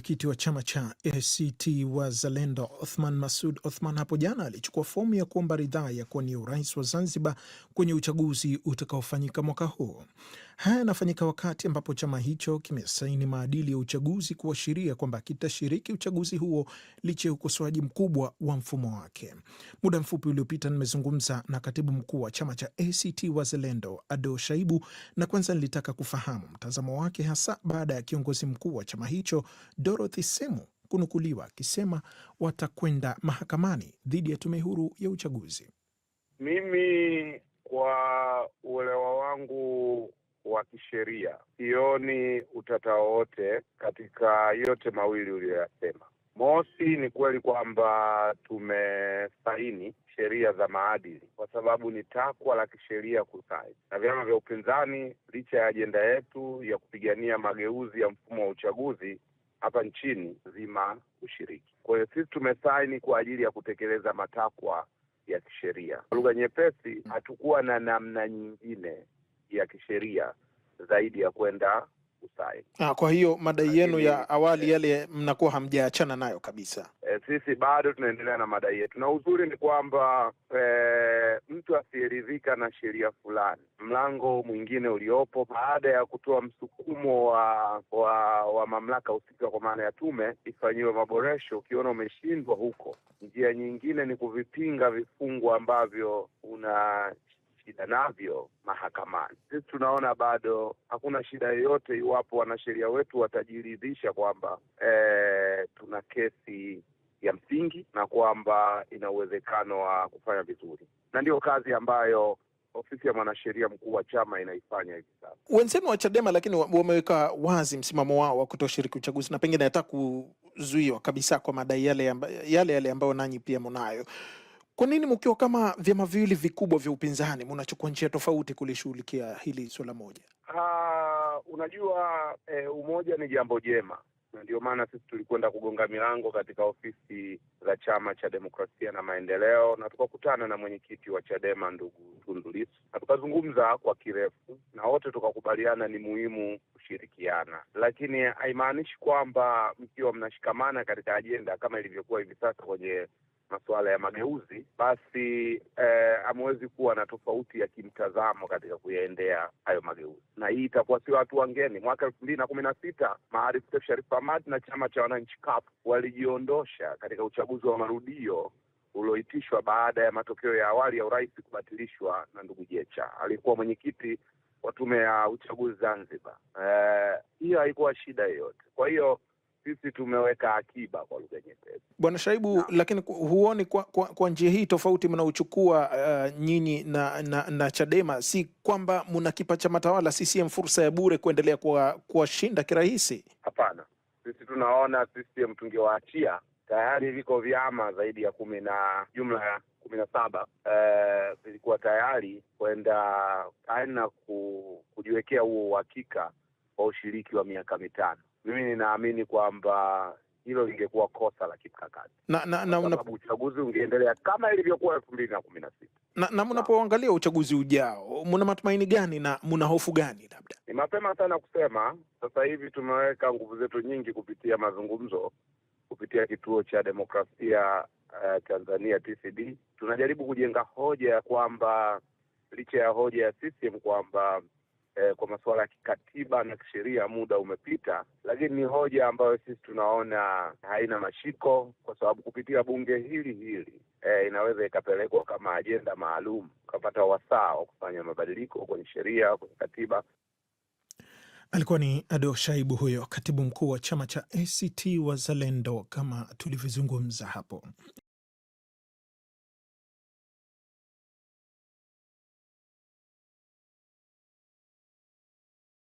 Mwenyekiti wa chama cha ACT Wazalendo Othman Masud Othman hapo jana alichukua fomu ya kuomba ridhaa ya kuwania urais wa Zanzibar kwenye uchaguzi utakaofanyika mwaka huu. Haya yanafanyika wakati ambapo chama hicho kimesaini maadili ya uchaguzi kuashiria kwamba kitashiriki uchaguzi huo licha ya ukosoaji mkubwa wa mfumo wake. Muda mfupi uliopita, nimezungumza na katibu mkuu wa chama cha ACT Wazalendo Ado Shaibu, na kwanza nilitaka kufahamu mtazamo wake hasa baada ya kiongozi mkuu wa chama hicho Dorothy Semu kunukuliwa akisema watakwenda mahakamani dhidi ya tume huru ya uchaguzi. Mimi kwa uelewa wangu wa kisheria sioni utata wowote katika yote mawili uliyoyasema. Mosi, ni kweli kwamba tumesaini sheria za maadili kwa sababu ni takwa la kisheria kusaini, na vyama vya upinzani, licha ya ajenda yetu ya kupigania mageuzi ya mfumo wa uchaguzi, hapa nchini zima ushiriki. Kwa hiyo sisi tumesaini kwa ajili ya kutekeleza matakwa ya kisheria. Kwa lugha nyepesi, hatukuwa na namna nyingine ya kisheria zaidi ya kwenda kusai. Ah, kwa hiyo madai yenu ya awali eh, yale mnakuwa hamjaachana nayo kabisa? E, sisi bado tunaendelea na madai yetu, na uzuri ni kwamba e, mtu asiyeridhika na sheria fulani, mlango mwingine uliopo baada ya kutoa msukumo wa wa, wa mamlaka husika, kwa maana ya tume, ifanyiwe maboresho, ukiona umeshindwa huko, njia nyingine ni kuvipinga vifungu ambavyo una shida navyo mahakamani. Sisi tunaona bado hakuna shida yoyote iwapo wanasheria wetu watajiridhisha kwamba e, tuna kesi ya msingi na kwamba ina uwezekano wa kufanya vizuri, na ndiyo kazi ambayo ofisi ya mwanasheria mkuu wa chama inaifanya hivi sasa. Wenzenu wa Chadema lakini wameweka wazi msimamo wao wa kutoshiriki uchaguzi na pengine hata kuzuiwa kabisa kwa madai yale yale, yale ambayo nanyi pia mnayo. Kwa nini mkiwa kama vyama viwili vikubwa vya upinzani mnachukua njia tofauti kulishughulikia hili swala moja? Uh, unajua eh, umoja ni jambo jema na ndio maana sisi tulikwenda kugonga milango katika ofisi za Chama cha Demokrasia na Maendeleo, na tukakutana na mwenyekiti wa Chadema ndugu Tundu Lissu, na tukazungumza kwa kirefu, na wote tukakubaliana ni muhimu kushirikiana, lakini haimaanishi kwamba mkiwa mnashikamana katika ajenda kama ilivyokuwa hivi sasa kwenye masuala ya mageuzi, basi eh, amewezi kuwa na tofauti ya kimtazamo katika kuyaendea hayo mageuzi, na hii itakuwa sio watu wangeni. Mwaka elfu mbili na kumi na sita Maarif Seif Sharif Hamad na chama cha wananchi CUF walijiondosha katika uchaguzi wa marudio ulioitishwa baada ya matokeo ya awali ya urais kubatilishwa na ndugu Jecha, aliyekuwa mwenyekiti wa tume ya uchaguzi Zanzibar. Eh, hiyo eh, haikuwa shida yoyote. Kwa hiyo sisi tumeweka akiba kwa lugha nyepesi, Bwana Shaibu na. Lakini huoni kwa, kwa, kwa njia hii tofauti mnaochukua uh, nyinyi na, na, na Chadema, si kwamba mnakipa chama tawala CCM fursa ya bure kuendelea kuwashinda kirahisi? Hapana, sisi tunaona CCM tungewaachia tayari viko vyama zaidi ya kumi na jumla ya kumi na saba uh, vilikuwa tayari kwenda ana kujiwekea huo uhakika kwa ushiriki wa miaka mitano. Mimi ninaamini kwamba hilo lingekuwa kosa la kimkakati na, na, na, na, sababu uchaguzi ungeendelea kama ilivyokuwa elfu mbili na kumi na sita na, na mnapoangalia uchaguzi ujao muna matumaini gani na muna hofu gani? Labda ni mapema sana kusema. Sasa hivi tumeweka nguvu zetu nyingi kupitia mazungumzo, kupitia kituo cha demokrasia uh, Tanzania TCD, tunajaribu kujenga hoja ya kwamba licha ya hoja ya CCM kwamba eh, kwa masuala ya kikatiba na kisheria muda umepita, lakini ni hoja ambayo sisi tunaona haina mashiko, kwa sababu kupitia bunge hili hili eh, inaweza ikapelekwa kama ajenda maalum, ukapata wasaa wa kufanya mabadiliko kwenye sheria, kwenye katiba. Alikuwa ni Ado Shaibu huyo, katibu mkuu wa chama cha ACT Wazalendo, kama tulivyozungumza hapo.